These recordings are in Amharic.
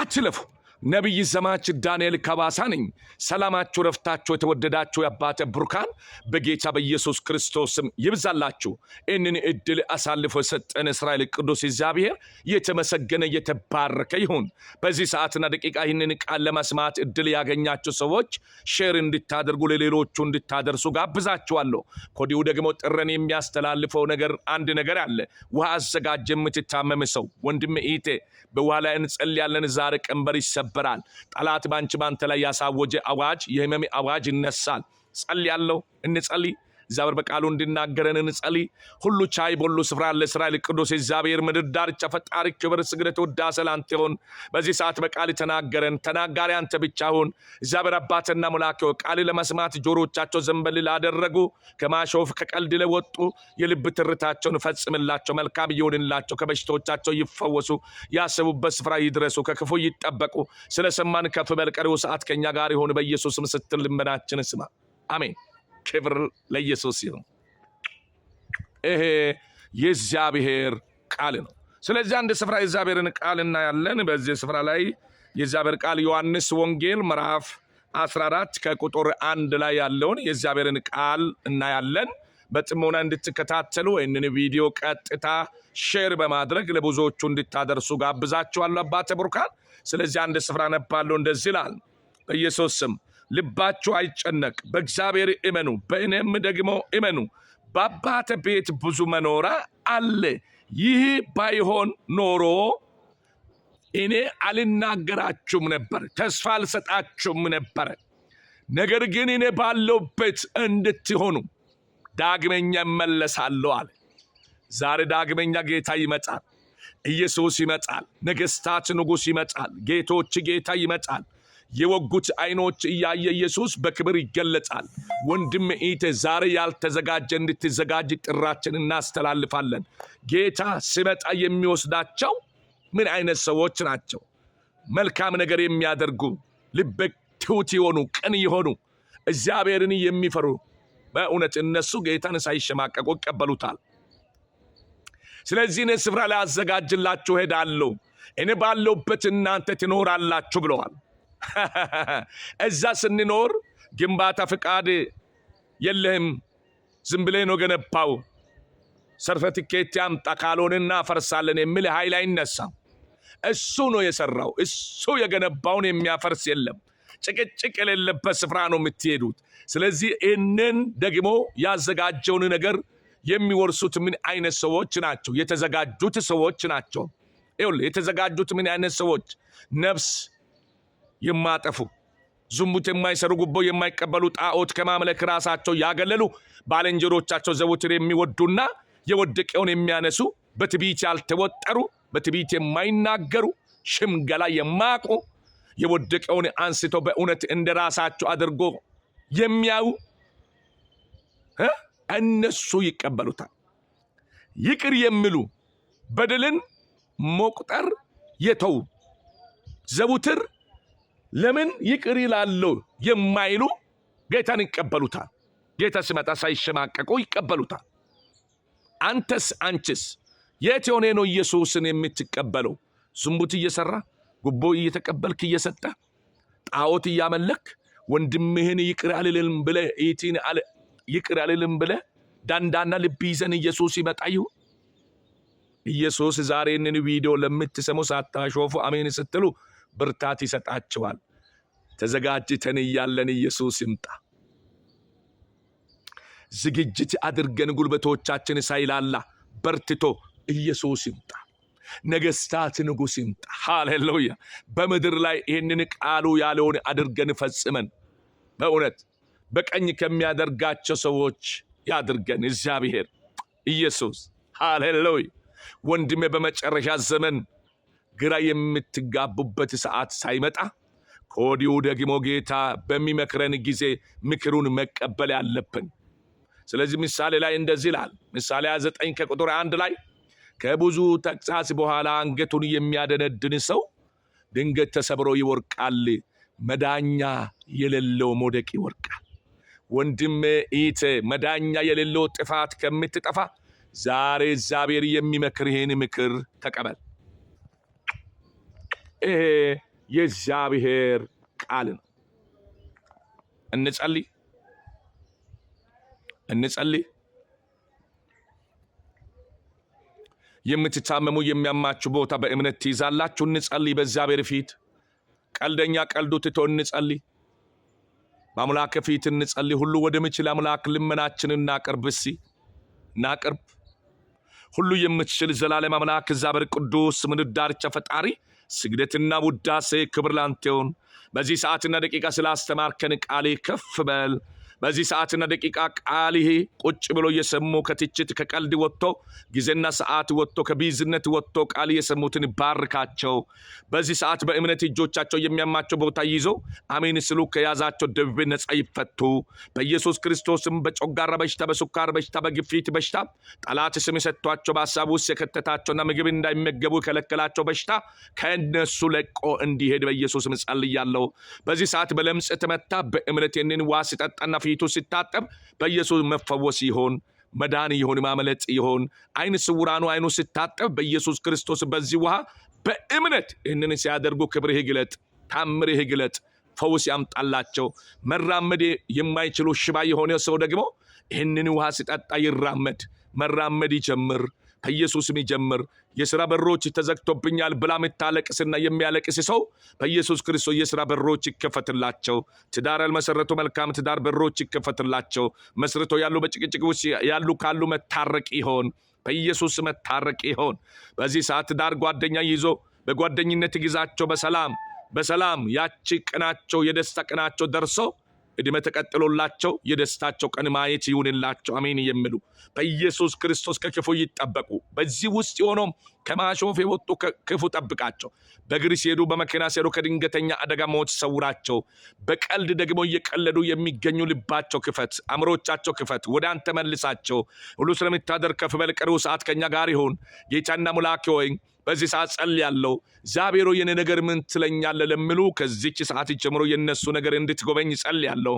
አትለፉ። ነቢይ ዘማች ዳንኤል ከባሳ ነኝ። ሰላማችሁ፣ ረፍታችሁ የተወደዳችሁ የአባተ ብሩካን በጌታ በኢየሱስ ክርስቶስም ይብዛላችሁ። ይህንን እድል አሳልፎ የሰጠን እስራኤል ቅዱስ እግዚአብሔር የተመሰገነ የተባረከ ይሁን። በዚህ ሰዓትና ደቂቃ ይህንን ቃል ለመስማት እድል ያገኛችሁ ሰዎች ሼር እንድታደርጉ ለሌሎቹ እንድታደርሱ ጋብዛችኋለሁ። ከዲሁ ደግሞ ጥረን የሚያስተላልፈው ነገር አንድ ነገር አለ። ውሃ አዘጋጀ የምትታመም ሰው ወንድም ኢቴ በውሃ ላይ እንጸልያለን። ዛሬ ቀንበር ይሰብ ይሰበራል። ጠላት ባንቺ ባንተ ላይ ያሳወጀ አዋጅ የህመሜ አዋጅ ይነሳል። ጸል ያለው እንጸልይ። እግዚአብሔር በቃሉ እንዲናገረን እንጸልይ። ሁሉ ቻይ በሁሉ ስፍራ ያለ ለእስራኤል ቅዱስ እግዚአብሔር ምድር ዳርቻ ፈጣሪ ክብር፣ ስግደት፣ ውዳሴ ላንተ ይሁን። በዚህ ሰዓት በቃል ተናገረን፣ ተናጋሪ አንተ ብቻ ሁን። እግዚአብሔር አባትና ሙላኬ ቃል ለመስማት ጆሮቻቸው ዘንበል ላደረጉ ከማሾፍ ከቀልድ ለወጡ የልብ ትርታቸውን ፈጽምላቸው። መልካም ይሁንላቸው፣ ከበሽቶቻቸው ይፈወሱ፣ ያሰቡበት ስፍራ ይድረሱ፣ ከክፉ ይጠበቁ። ስለሰማን ከፍ በልቀሪው ሰዓት ከኛ ጋር ይሁን። በኢየሱስም ስትል ልመናችን ስማ። አሜን። ክብር ለኢየሱስ ይሁን። ይሄ የእግዚአብሔር ቃል ነው። ስለዚህ አንድ ስፍራ የእግዚአብሔርን ቃል እናያለን። በዚህ ስፍራ ላይ የእግዚአብሔር ቃል ዮሐንስ ወንጌል ምዕራፍ 14 ከቁጥር አንድ ላይ ያለውን የእግዚአብሔርን ቃል እናያለን። በጥሞና እንድትከታተሉ ወይንን ቪዲዮ ቀጥታ ሼር በማድረግ ለብዙዎቹ እንድታደርሱ ጋብዛችኋለሁ። አባተ ቡርካን ስለዚህ አንድ ስፍራ ነባለሁ። እንደዚህ ይላል በኢየሱስ ስም ልባችሁ አይጨነቅ፣ በእግዚአብሔር እመኑ፣ በእኔም ደግሞ እመኑ። በአባተ ቤት ብዙ መኖራ አለ። ይህ ባይሆን ኖሮ እኔ አልናገራችሁም ነበር፣ ተስፋ አልሰጣችሁም ነበረ። ነገር ግን እኔ ባለውበት እንድትሆኑ ዳግመኛ እመለሳለሁ አለ። ዛሬ ዳግመኛ ጌታ ይመጣል። ኢየሱስ ይመጣል። ነገስታት ንጉሥ ይመጣል። ጌቶች ጌታ ይመጣል። የወጉት አይኖች እያየ ኢየሱስ በክብር ይገለጻል። ወንድም ኢቴ ዛሬ ያልተዘጋጀ እንድትዘጋጅ ጥራችን እናስተላልፋለን። ጌታ ሲመጣ የሚወስዳቸው ምን አይነት ሰዎች ናቸው? መልካም ነገር የሚያደርጉ ልበ ትሑት የሆኑ ቅን የሆኑ እግዚአብሔርን የሚፈሩ በእውነት እነሱ ጌታን ሳይሸማቀቁ ይቀበሉታል። ስለዚህ እኔ ስፍራ ላይ አዘጋጅላችሁ እሄዳለሁ፣ እኔ ባለሁበት እናንተ ትኖራላችሁ ብለዋል። እዛ ስንኖር ግንባታ ፍቃድ የለህም፣ ዝም ብለህ ነው ገነባው ሰርተፍኬት አምጣ ካልሆነ እናፈርሳለን የሚል ኃይል አይነሳም። እሱ ነው የሰራው። እሱ የገነባውን የሚያፈርስ የለም። ጭቅጭቅ የሌለበት ስፍራ ነው የምትሄዱት። ስለዚህ ይህንን ደግሞ ያዘጋጀውን ነገር የሚወርሱት ምን አይነት ሰዎች ናቸው? የተዘጋጁት ሰዎች ናቸው። ይኸውልህ የተዘጋጁት ምን አይነት ሰዎች ነፍስ የማጠፉ ዝሙት የማይሰሩ ጉቦ የማይቀበሉ ጣዖት ከማምለክ ራሳቸው ያገለሉ ባልንጀሮቻቸው ዘወትር የሚወዱና የወደቀውን የሚያነሱ በትቢት ያልተወጠሩ በትቢት የማይናገሩ ሽምገላ የማያውቁ የወደቀውን አንስቶ በእውነት እንደ ራሳቸው አድርጎ የሚያዩ እነሱ ይቀበሉታል። ይቅር የሚሉ በደልን መቁጠር የተዉ ዘውትር ለምን ይቅር ይላለው የማይሉ ጌታን ይቀበሉታል። ጌታ ሲመጣ ሳይሸማቀቁ ይቀበሉታል። አንተስ አንችስ የት የሆነ ነው ኢየሱስን የምትቀበለው? ዝሙት እየሰራ ጉቦ እየተቀበልክ እየሰጠ ጣዖት እያመለክ ወንድምህን ይቅር አልልም ብለ ኢቲን ይቅር አልልም ብለ ዳንዳና ልብ ይዘን ኢየሱስ ይመጣ ይሁን። ኢየሱስ ዛሬንን ቪዲዮ ለምትሰሙ ሳታሾፉ አሜን ስትሉ ብርታት ይሰጣቸዋል። ተዘጋጅተን እያለን ኢየሱስ ይምጣ። ዝግጅት አድርገን ጉልበቶቻችን ሳይላላ በርትቶ ኢየሱስ ይምጣ። ነገስታት ንጉሥ ይምጣ። ሃሌሉያ! በምድር ላይ ይህንን ቃሉ ያለውን አድርገን ፈጽመን በእውነት በቀኝ ከሚያደርጋቸው ሰዎች ያድርገን እግዚአብሔር ኢየሱስ። ሃሌሉያ! ወንድሜ በመጨረሻ ዘመን ግራ የምትጋቡበት ሰዓት ሳይመጣ ከወዲሁ ደግሞ ጌታ በሚመክረን ጊዜ ምክሩን መቀበል ያለብን። ስለዚህ ምሳሌ ላይ እንደዚህ ይላል። ምሳሌ 9 ከቁጥር አንድ ላይ ከብዙ ተግሣጽ በኋላ አንገቱን የሚያደነድን ሰው ድንገት ተሰብሮ ይወርቃል፣ መዳኛ የሌለው መውደቅ ይወርቃል። ወንድም ኢት መዳኛ የሌለው ጥፋት ከምትጠፋ ዛሬ እግዚአብሔር የሚመክርህን ምክር ተቀበል። ይሄ የእግዚአብሔር ቃል ነው። እንጸልይ እንጸልይ። የምትታመሙ የሚያማችሁ ቦታ በእምነት ትይዛላችሁ። እንጸልይ። በእግዚአብሔር ፊት ቀልደኛ ቀልዱ ትቶ እንጸልይ። በአምላክ ፊት እንጸልይ። ሁሉ ወደምችል አምላክ ልመናችን እናቅርብ። እሲ እናቅርብ። ሁሉ የምትችል ዘላለም አምላክ እግዚአብሔር ቅዱስ ምድር ፈጣሪ ስግደትና ውዳሴ ክብር ላንተ ይሁን። በዚህ ሰዓትና ደቂቃ ስላስተማርከን ቃሌ ከፍ በል በዚህ ሰዓትና ደቂቃ ይሄ ቁጭ ብሎ እየሰሙ ከትችት ከቀልድ ወጥቶ ጊዜና ሰዓት ወጥቶ ከቢዝነት ወጥቶ ቃል እየሰሙትን ባርካቸው። በዚህ ሰዓት በእምነት እጆቻቸው የሚያማቸው ቦታ ይዞ አሜን ስሉ ከያዛቸው ደብቤ ነጻ ይፈቱ በኢየሱስ ክርስቶስም። በጮጋራ በሽታ፣ በሱካር በሽታ፣ በግፊት በሽታ ጠላት ስም የሰጥቷቸው በሀሳብ ውስጥ የከተታቸውና ምግብ እንዳይመገቡ የከለከላቸው በሽታ ከእነሱ ለቆ እንዲሄድ በኢየሱስም ጸልያለሁ። በዚህ ሰዓት በለምጽ ተመታ በእምነት ይህንን ዋስ ጠጣና ፊቱ ሲታጠብ በኢየሱስ መፈወስ ይሆን መዳን ይሆን ማመለጥ ይሆን? አይን ስውራኑ አይኑ ሲታጠብ በኢየሱስ ክርስቶስ በዚህ ውሃ በእምነት ይህንን ሲያደርጉ ክብርህ ግለጥ፣ ታምርህ ግለጥ፣ ፈውስ ያምጣላቸው። መራመድ የማይችሉ ሽባ የሆነ ሰው ደግሞ ይህንን ውሃ ሲጠጣ ይራመድ፣ መራመድ ይጀምር። ከኢየሱስም ይጀምር። የሥራ በሮች ተዘግቶብኛል ብላ የምታለቅስና የሚያለቅስ ሰው በኢየሱስ ክርስቶስ የሥራ በሮች ይከፈትላቸው። ትዳር ያልመሰረቱ መልካም ትዳር በሮች ይከፈትላቸው። መስርቶ ያሉ በጭቅጭቅ ውስጥ ያሉ ካሉ መታረቅ ይሆን፣ በኢየሱስ መታረቅ ይሆን። በዚህ ሰዓት ትዳር ጓደኛ ይዞ በጓደኝነት ይግዛቸው። በሰላም በሰላም ያቺ ቅናቸው የደስታ ቅናቸው ደርሰው ዕድሜ ተቀጥሎላቸው የደስታቸው ቀን ማየት ይሁንላቸው፣ አሜን የሚሉ በኢየሱስ ክርስቶስ ከክፉ ይጠበቁ። በዚህ ውስጥ የሆኖም ከማሾፍ የወጡ ክፉ ጠብቃቸው። በእግር ሲሄዱ፣ በመኪና ሲሄዱ ከድንገተኛ አደጋ ሞት ሰውራቸው። በቀልድ ደግሞ እየቀለዱ የሚገኙ ልባቸው ክፈት፣ አእምሮቻቸው ክፈት፣ ወደ አንተ መልሳቸው። ሁሉ ስለምታደር ከፍ በል፣ ቀሪው ሰዓት ከኛ ጋር ይሁን። ጌታና ሙላኪ ሆይ በዚህ ሰዓት ጸልያለሁ። እግዚአብሔሮ የኔ ነገር ምን ትለኛለህ ለሚሉ ከዚች ሰዓት ጀምሮ የነሱ ነገር እንድትጎበኝ ጸልያለሁ።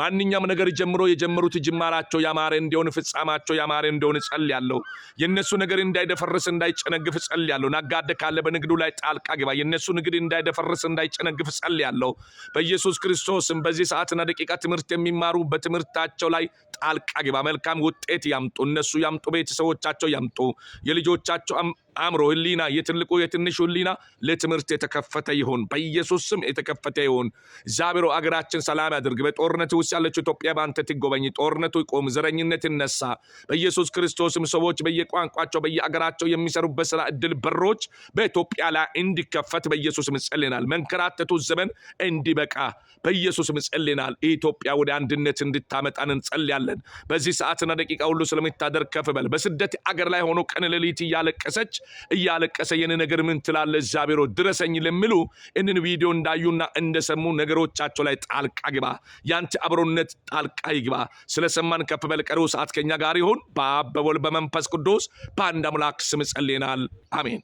ማንኛውም ነገር ጀምሮ የጀመሩት ጅማራቸው ያማረ እንዲሆን፣ ፍጻማቸው ያማረ እንዲሆን ጸልያለሁ። የነሱ ነገር እንዳይደፈርስ፣ እንዳይጨነግፍ ጸልያለሁ። ነጋዴ ካለ በንግዱ ላይ ጣልቃ ግባ። የነሱ ንግድ እንዳይደፈርስ፣ እንዳይጨነግፍ ጸልያለሁ። በኢየሱስ ክርስቶስም በዚህ ሰዓትና ደቂቃ ትምህርት የሚማሩ በትምህርታቸው ላይ ጣልቃ ግባ። መልካም ውጤት ያምጡ፣ እነሱ ያምጡ፣ ቤተሰቦቻቸው ያምጡ፣ የልጆቻቸው አእምሮ፣ ህሊና፣ የትልቁ የትንሹ ህሊና ለትምህርት የተከፈተ ይሁን፣ በኢየሱስ ስም የተከፈተ ይሁን። እግዚአብሔር አገራችን ሰላም ያድርግ። በጦርነት ውስጥ ያለችው ኢትዮጵያ በአንተ ትጎበኝ፣ ጦርነቱ ይቆም፣ ዘረኝነት ይነሳ። በኢየሱስ ክርስቶስም ሰዎች በየቋንቋቸው በየአገራቸው የሚሰሩበት ስራ እድል በሮች በኢትዮጵያ ላይ እንዲከፈት በኢየሱስም ጸልናል። መንከራተቱ ዘመን እንዲበቃ በኢየሱስም ጸልናል። ኢትዮጵያ ወደ አንድነት እንድታመጣን እንጸልያለን። በዚህ ሰዓትና ደቂቃ ሁሉ ስለሚታደር ከፍ በል። በስደት አገር ላይ ሆኖ ቀን ሌሊት እያለቀሰች እያለቀሰ የን ነገር ምን ትላለ እግዚአብሔር ድረሰኝ ለሚሉ እንን ቪዲዮ እንዳዩና እንደሰሙ ነገሮቻቸው ላይ ጣልቃ ግባ። ያንቺ አብሮነት ጣልቃ ይግባ። ስለሰማን ከፍ በል። ቀሪው ሰዓት ከኛ ጋር ይሁን። በአብ በወልድ በመንፈስ ቅዱስ በአንድ አምላክ ስም ጸልየናል። አሜን።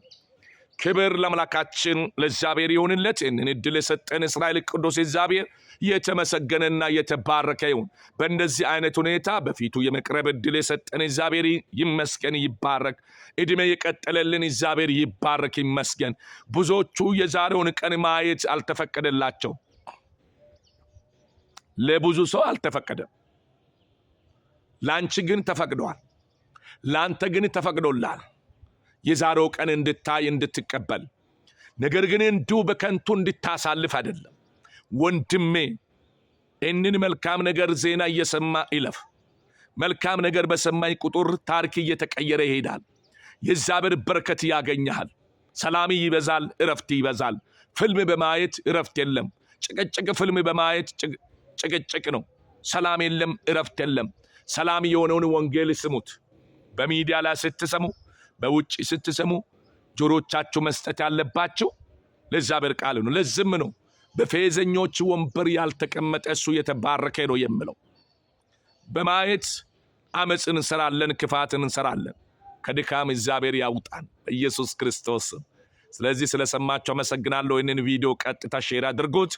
ክብር ለአምላካችን ለእግዚአብሔር ይሁንለት። ይህንን እድል የሰጠን እስራኤል ቅዱስ እግዚአብሔር የተመሰገነና የተባረከ ይሁን። በእንደዚህ አይነት ሁኔታ በፊቱ የመቅረብ እድል የሰጠን እግዚአብሔር ይመስገን፣ ይባረክ። እድሜ የቀጠለልን እግዚአብሔር ይባረክ፣ ይመስገን። ብዙዎቹ የዛሬውን ቀን ማየት አልተፈቀደላቸው። ለብዙ ሰው አልተፈቀደም። ለአንቺ ግን ተፈቅደዋል። ለአንተ ግን ተፈቅዶላል። የዛሬው ቀን እንድታይ እንድትቀበል፣ ነገር ግን እንዲሁ በከንቱ እንድታሳልፍ አይደለም። ወንድሜ ይህንን መልካም ነገር ዜና እየሰማ ይለፍ። መልካም ነገር በሰማኝ ቁጥር ታሪክ እየተቀየረ ይሄዳል። የእግዚአብሔር በረከት ያገኘሃል። ሰላም ይበዛል፣ እረፍት ይበዛል። ፊልም በማየት እረፍት የለም። ጭቅጭቅ ፊልም በማየት ጭቅጭቅ ነው። ሰላም የለም፣ እረፍት የለም። ሰላም የሆነውን ወንጌል ስሙት። በሚዲያ ላይ ስትሰሙ በውጭ ስትሰሙ ጆሮቻችሁ መስጠት ያለባችሁ ለእግዚአብሔር ቃል ነው። ለዝም ነው በፌዘኞች ወንበር ያልተቀመጠ እሱ የተባረከ ነው የምለው። በማየት አመፅን እንሰራለን፣ ክፋትን እንሰራለን። ከድካም እግዚአብሔር ያውጣን በኢየሱስ ክርስቶስ። ስለዚህ ስለሰማችሁ አመሰግናለሁ። ይህንን ቪዲዮ ቀጥታ ሼር አድርጉት።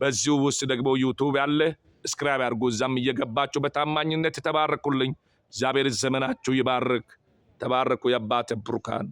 በዚሁ ውስጥ ደግሞ ዩቱብ ያለ እስክራብ አድርጉ። እዛም እየገባችሁ በታማኝነት ተባረኩልኝ። እግዚአብሔር ዘመናችሁ ይባርክ። ተባረኩ የአባቴ ብሩካን